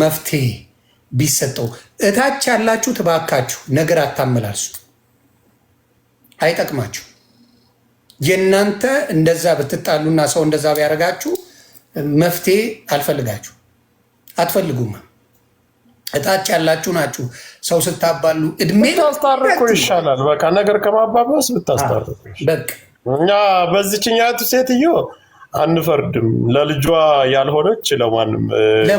መፍትሄ ቢሰጠው። እታች ያላችሁ ትባካችሁ፣ ነገር አታመላልሱ፣ አይጠቅማችሁ። የእናንተ እንደዛ ብትጣሉና ሰው እንደዛ ቢያደርጋችሁ መፍትሄ አልፈልጋችሁ አትፈልጉም። እታች ያላችሁ ናችሁ ሰው ስታባሉ እድሜ ብታስታርቁ ይሻላል። በቃ ነገር ከማባባስ ብታስታርቁ። በቃ እኛ በዚችኛቱ ሴትዮ አንፈርድም። ለልጇ ያልሆነች ለማንም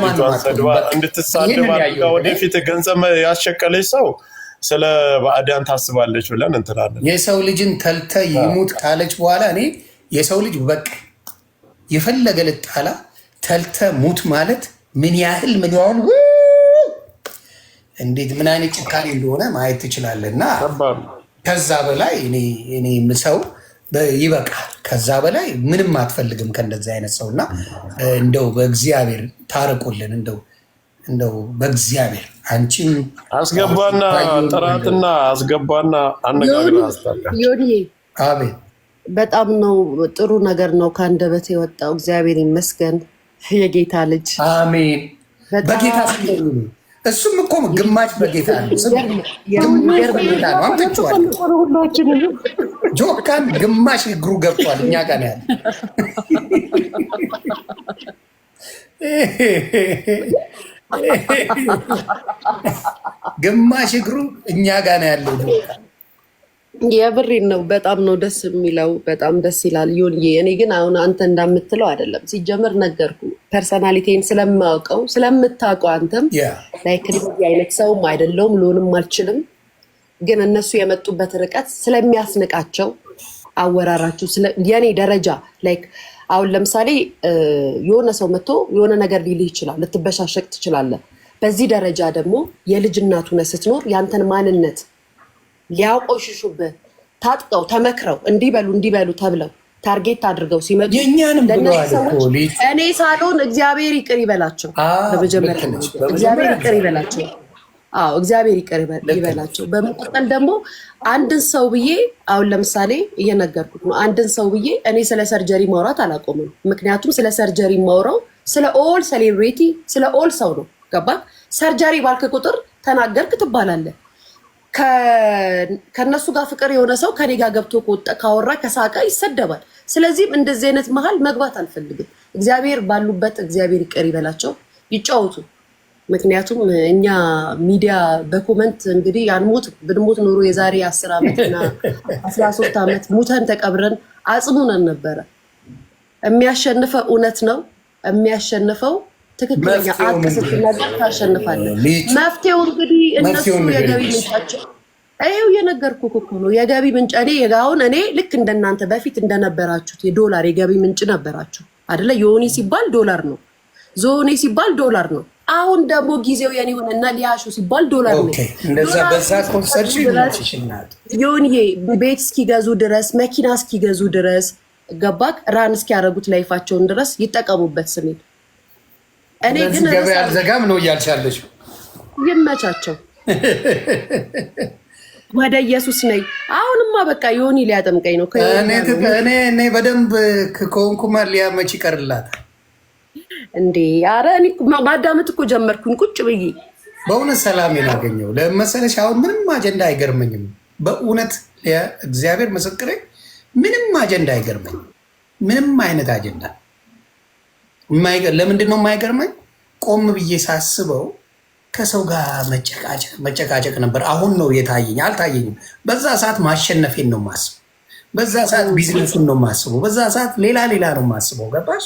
ልጇን ሰድባ እንድትሳደብ ወደፊት ገንዘብ ያሸቀለች ሰው ስለ ባዕዳን ታስባለች ብለን እንትላለን። የሰው ልጅን ተልተ ይሙት ካለች በኋላ እኔ የሰው ልጅ በቃ የፈለገ ልጣላ ተልተ ሙት ማለት ምን ያህል ምን ያህል እንዴት ምን አይነት ጭካኔ እንደሆነ ማየት ትችላለህ። እና ከዛ በላይ እኔ ሰው ይበቃል። ከዛ በላይ ምንም አትፈልግም ከእንደዚህ አይነት ሰው እና እንደው በእግዚአብሔር ታርቁልን። እንደው እንደው በእግዚአብሔር አንቺም አስገባና ጥራትና አስገባና አነጋግር አቤ በጣም ነው ጥሩ ነገር ነው ከአንደበት የወጣው። እግዚአብሔር ይመስገን የጌታ ልጅ አሜን። በጌታ እሱም እኮ ግማሽ በጌታ ነው፣ ጆካን ግማሽ እግሩ ገብቷል። እኛ ጋ ያለ ግማሽ እግሩ እኛ ጋር ያለው ጆካ የብሬን ነው። በጣም ነው ደስ የሚለው። በጣም ደስ ይላል ዮንዬ። እኔ ግን አሁን አንተ እንዳምትለው አይደለም። ሲጀምር ነገርኩ ፐርሰናሊቲም ስለማውቀው ስለምታውቀው አንተም ላይክ እንደዚህ አይነት ሰውም አይደለውም ልሆንም አልችልም። ግን እነሱ የመጡበት ርቀት ስለሚያስንቃቸው አወራራችሁ የኔ ደረጃ ላይክ አሁን ለምሳሌ የሆነ ሰው መጥቶ የሆነ ነገር ሊልህ ይችላል። ልትበሻሸቅ ትችላለህ። በዚህ ደረጃ ደግሞ የልጅ እናት ሆነህ ስትኖር ያንተን ማንነት ሊያቆሽሹብህ ታጥቀው ተመክረው እንዲበሉ እንዲበሉ ተብለው ታርጌት አድርገው ሲመጡ እኔ ሳልሆን እግዚአብሔር ይቅር ይበላቸው። በመጀመሪያ እግዚአብሔር ይቅር ይበላቸው። አዎ እግዚአብሔር ይቅር ይበላቸው። በመቀጠል ደግሞ አንድን ሰው ብዬ አሁን ለምሳሌ እየነገርኩት ነው። አንድን ሰው ብዬ እኔ ስለ ሰርጀሪ ማውራት አላቆምም። ምክንያቱም ስለ ሰርጀሪ ማውራው ስለ ኦል ሴሌብሬቲ ስለ ኦል ሰው ነው። ገባ ሰርጀሪ ባልክ ቁጥር ተናገርክ ትባላለህ። ከነሱ ጋር ፍቅር የሆነ ሰው ከኔ ጋር ገብቶ ከወጣ ካወራ ከሳቀ ይሰደባል። ስለዚህም እንደዚህ አይነት መሀል መግባት አልፈልግም። እግዚአብሔር ባሉበት እግዚአብሔር ይቅር ይበላቸው፣ ይጫወቱ። ምክንያቱም እኛ ሚዲያ በኮመንት እንግዲህ አንሞት ብንሞት ኖሮ የዛሬ አስር ዓመትና አስራ ሶስት ዓመት ሙተን ተቀብረን አጽሙነን ነበረ። የሚያሸንፈው እውነት ነው የሚያሸንፈው ትክክለኛ አቅስናገር ታሸንፋለህ። መፍትሄው እንግዲህ እነሱ የገቢ ምንጫቸው ይኸው እኮ ነው። የገቢ ምንጭ እኔ አሁን እኔ ልክ እንደናንተ በፊት እንደነበራችሁት የዶላር የገቢ ምንጭ ነበራችሁ አደለ? የሆኔ ሲባል ዶላር ነው። ዞኔ ሲባል ዶላር ነው። አሁን ደግሞ ጊዜው የኔ ሊያሹ ሲባል ዶላር ቤት እስኪገዙ ድረስ መኪና እስኪገዙ ድረስ ገባክ ራን እስኪያደረጉት ላይፋቸውን ድረስ ይጠቀሙበት ስሜት እኔ ግን ገበያ አልዘጋም ነው ይመቻቸው። ወደ ኢየሱስ ነይ። አሁንማ በቃ ዮኒ ሊያጠምቀኝ ነው። እኔ በደንብ ከሆንኩማ ሊያመች ይቀርላታል እንዴ! ማዳመጥ እኮ ጀመርኩኝ ቁጭ ብዬ። በእውነት ሰላም አገኘው ለመሰለሽ። አሁን ምንም አጀንዳ አይገርመኝም። በእውነት እግዚአብሔር ምስክሬ፣ ምንም አጀንዳ አይገርመኝም። ምንም አይነት አጀንዳ ለምንድን ነው የማይገርመኝ? ቆም ብዬ ሳስበው ከሰው ጋር መጨቃጨቅ ነበር። አሁን ነው የታየኝ። አልታየኝም። በዛ ሰዓት ማሸነፌን ነው ማስበው። በዛ ሰዓት ቢዝነሱን ነው ማስበው። በዛ ሰዓት ሌላ ሌላ ነው ማስበው። ገባሽ?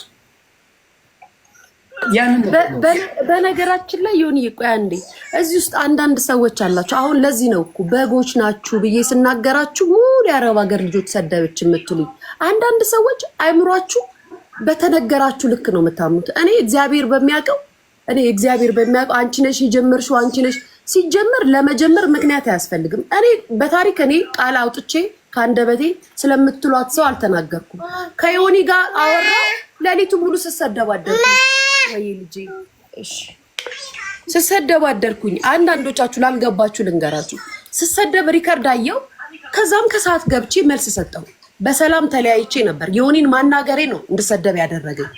በነገራችን ላይ የሆን ቆይ አንዴ፣ እዚህ ውስጥ አንዳንድ ሰዎች አላቸው። አሁን ለዚህ ነው እኮ በጎች ናችሁ ብዬ ስናገራችሁ ሙሉ የአረብ ሀገር ልጆች ሰደበች የምትሉኝ አንዳንድ ሰዎች አይምሯችሁ በተነገራችሁ ልክ ነው የምታምኑት። እኔ እግዚአብሔር በሚያውቀው እኔ እግዚአብሔር በሚያውቀው አንቺ ነሽ የጀመርሽው አንቺ ነሽ ሲጀመር ለመጀመር ምክንያት አያስፈልግም። እኔ በታሪክ እኔ ቃል አውጥቼ ከአንደበቴ ስለምትሏት ሰው አልተናገርኩም። ከዮኒ ጋር አወራ ሌሊቱ ሙሉ ስሰደብ ወይ ልጄ እሺ፣ ስሰደባደርኩኝ አንዳንዶቻችሁ ላልገባችሁ ልንገራችሁ። ስሰደብ ሪከርድ አየው። ከዛም ከሰዓት ገብቼ መልስ ሰጠው። በሰላም ተለያይቼ ነበር። የሆኔን ማናገሬ ነው እንድሰደብ ያደረገኝ።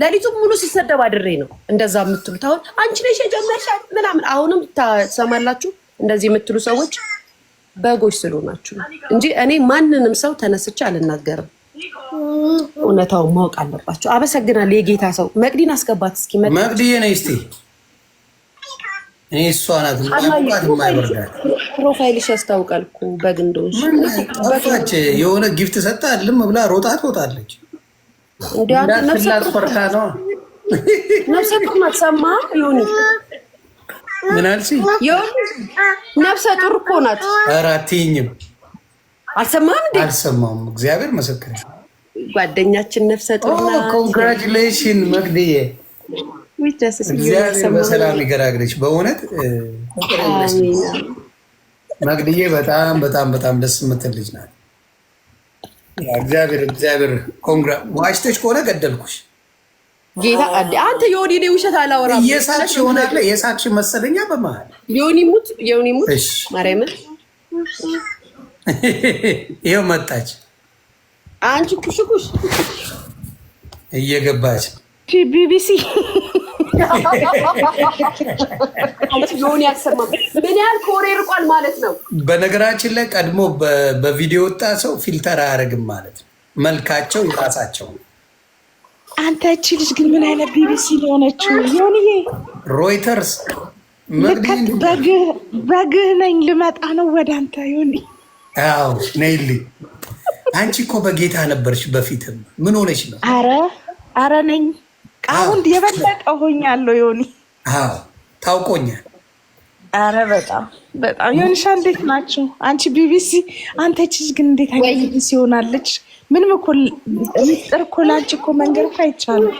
ለሊቱም ሙሉ ሲሰደብ አድሬ ነው እንደዛ የምትሉት። አሁን አንቺ ነሽ የጀመርሻል ምናምን አሁንም ታሰማላችሁ እንደዚህ የምትሉ ሰዎች በጎች ስለሆናችሁ እንጂ እኔ ማንንም ሰው ተነስቼ አልናገርም። እውነታውን ማወቅ አለባቸው። አመሰግናለሁ። የጌታ ሰው መቅዲን አስገባት እስኪ መቅዲዬ ነይ እስኪ እኔ እሷ ናት ፕሮፋይልሽ ያስታውቃል እኮ በግ እንደሆንሽ። የሆነ ጊፍት ሰጠ አልም ብላ ሮጣ ትወጣለች። ነፍሰ ጡር ናት። ሰማ ዮኒ ምን አልሽኝ? ነፍሰ ጡር እኮ ናት። ኧረ አትይኝም። አልሰማም እንዴ? አልሰማም። እግዚአብሔር መሰክር። ጓደኛችን ነፍሰ ጡር ናት። ኮንግራጁሌሽን መግድዬ እግዚአብሔር በሰላም ይገራግለች በእውነት መቅድዬ በጣም በጣም በጣም ደስ የምትል ልጅ ናት። እግዚአብሔር እግዚአብሔር ኮንግራ ዋሽተሽ ከሆነ ገደልኩሽ። ጌታ አንተ የሆኒ ኔ ውሸት አላወራም። የሳቅሽ ይሆናለ የሳቅሽ መሰለኛ በመሀል የሆኒ ሙት የሆኒ ሙት ማርያምን ይኸው መጣች። አንቺ ኩሽኩሽ እየገባች ቢቢሲ ምን ያህል ኮሬ ርቋል ማለት ነው። በነገራችን ላይ ቀድሞ በቪዲዮ ወጣ ሰው ፊልተር አያደርግም ማለት ነው። መልካቸው የራሳቸው ነው። አንተ እቺ ልጅ ግን ምን አይነት ቢቢሲ ሊሆነችው ሆንዬ ሮይተርስ በግህ ነኝ ልመጣ ነው ወደ አንተ ሆን ነይልኝ። አንቺ እኮ በጌታ ነበርሽ በፊትም ምን ሆነች ነው? አረ አረ ነኝ አሁን የበለጠ ሆኛለሁ። ዮኒ ታውቆኛል። አረ በጣም በጣም ዮኒሻ፣ እንዴት ናቸው? አንቺ ቢቢሲ፣ አንተ ችጅ ግን እንዴት አይነት ቢቢሲ ሆናለች? ምንም እኮ ሚስጥር እኮ ላንቺ እኮ መንገድ እኮ አይቻልም።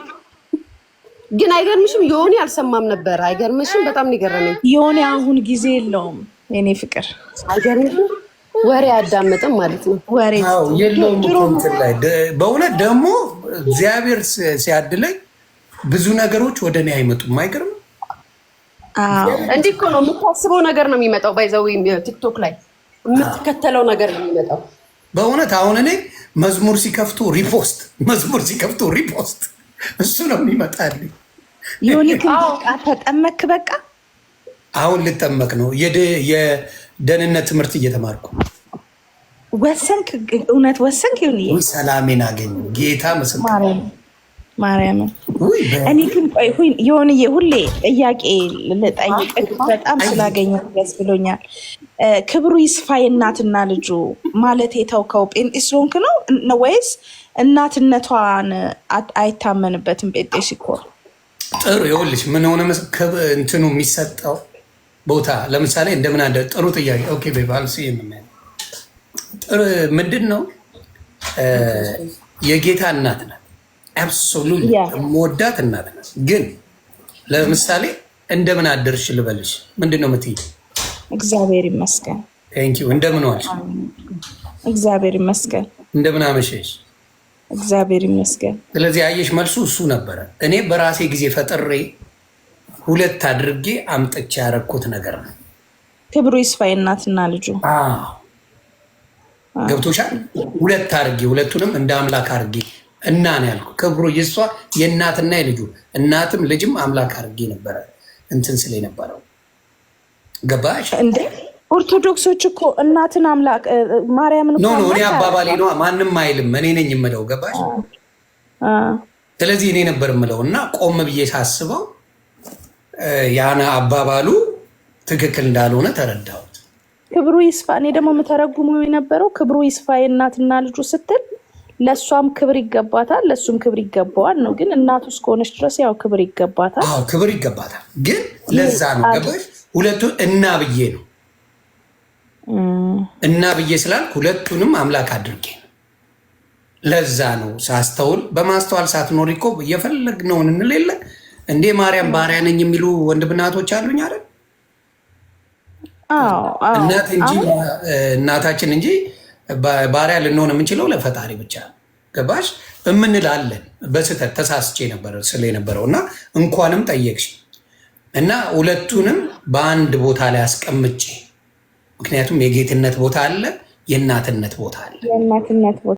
ግን አይገርምሽም? ዮኒ አልሰማም ነበር። አይገርምሽም? በጣም ነው የገረመኝ። ዮኒ አሁን ጊዜ የለውም የኔ ፍቅር። አይገርምሽም? ወሬ አዳመጥም ማለት ነው። ወሬ የለውም። በእውነት ደግሞ እግዚአብሔር ሲያድለኝ ብዙ ነገሮች ወደ እኔ አይመጡም። አይገርም? እንዲህ እኮ ነው የምታስበው ነገር ነው የሚመጣው። ባይዘው ቲክቶክ ላይ የምትከተለው ነገር ነው የሚመጣው። በእውነት አሁን እኔ መዝሙር ሲከፍቱ ሪፖስት፣ መዝሙር ሲከፍቱ ሪፖስት፣ እሱ ነው የሚመጣልኝ። ዮኒክ ተጠመክ? በቃ አሁን ልጠመቅ ነው። የደህንነት ትምህርት እየተማርኩ ወሰንክ? እውነት ወሰንክ? ሰላሜን አገኘሁ ጌታ ምስክር ማርያምን እኔ ግን ቆይ የሆነ ሁሌ ጥያቄ ልጠይቅህ በጣም ስላገኘ ደስ ብሎኛል። ክብሩ ይስፋ የእናትና ልጁ ማለት የተውከው ጴንጤ ስለሆንክ ነው ወይስ እናትነቷን አይታመንበትም? ጴንጤ ሲኮር ጥሩ ይኸውልሽ፣ ምን ሆነ እንትኑ የሚሰጠው ቦታ ለምሳሌ እንደምን አለ ጥሩ ጥያቄ ኦኬ ባልስ ምንድን ነው የጌታ እናት ናት አብሶሉት የምወዳት እናት ናት። ግን ለምሳሌ እንደምን አደርሽ ልበልሽ ምንድን ነው የምትይኝ? እግዚአብሔር ይመስገን ቴንኪው። እንደምን ዋልሽ? እግዚአብሔር ይመስገን። እንደምን አመሸሽ? እግዚአብሔር ይመስገን። ስለዚህ አየሽ፣ መልሱ እሱ ነበረ። እኔ በራሴ ጊዜ ፈጥሬ ሁለት አድርጌ አምጥቼ ያረኩት ነገር ነው። ክብሩ ይስፋ እናትና ልጁ ገብቶሻል። ሁለት አድርጌ ሁለቱንም እንደ አምላክ አድርጌ እና ነው ያልኩ። ክብሩ የእሷ የእናትና የልጁ እናትም ልጅም አምላክ አድርጌ ነበረ እንትን ስለ ነበረው ገባሽ እንዴ? ኦርቶዶክሶች እኮ እናትን አምላክ ማርያምን ኖ ኖ እኔ አባባሌ ነዋ። ማንም አይልም። እኔ ነኝ የምለው ገባሽ? ስለዚህ እኔ ነበር የምለው እና ቆም ብዬ ሳስበው ያነ አባባሉ ትክክል እንዳልሆነ ተረዳሁት። ክብሩ ይስፋ እኔ ደግሞ የምተረጉሙ የነበረው ክብሩ ይስፋ የእናትና ልጁ ስትል ለእሷም ክብር ይገባታል፣ ለእሱም ክብር ይገባዋል ነው። ግን እናቱ እስከሆነች ድረስ ያው ክብር ይገባታል። ክብር ይገባታል። ግን ለዛ ነው ገባሽ? ሁለቱ እና ብዬ ነው እና ብዬ ስላልክ ሁለቱንም አምላክ አድርጌ ነው። ለዛ ነው ሳስተውል። በማስተዋል ሳትኖሪ እኮ እየፈለግነውን እንሌለ እንዴ ማርያም ባሪያ ነኝ የሚሉ ወንድምናቶች አሉኝ አይደል? እናት እንጂ እናታችን እንጂ ባሪያ ልንሆን የምንችለው ለፈጣሪ ብቻ ገባሽ እምንላለን። በስህተት ተሳስቼ ነበር ስለ የነበረው እና እንኳንም ጠየቅሽ እና ሁለቱንም በአንድ ቦታ ላይ አስቀምጬ፣ ምክንያቱም የጌትነት ቦታ አለ፣ የእናትነት ቦታ አለ።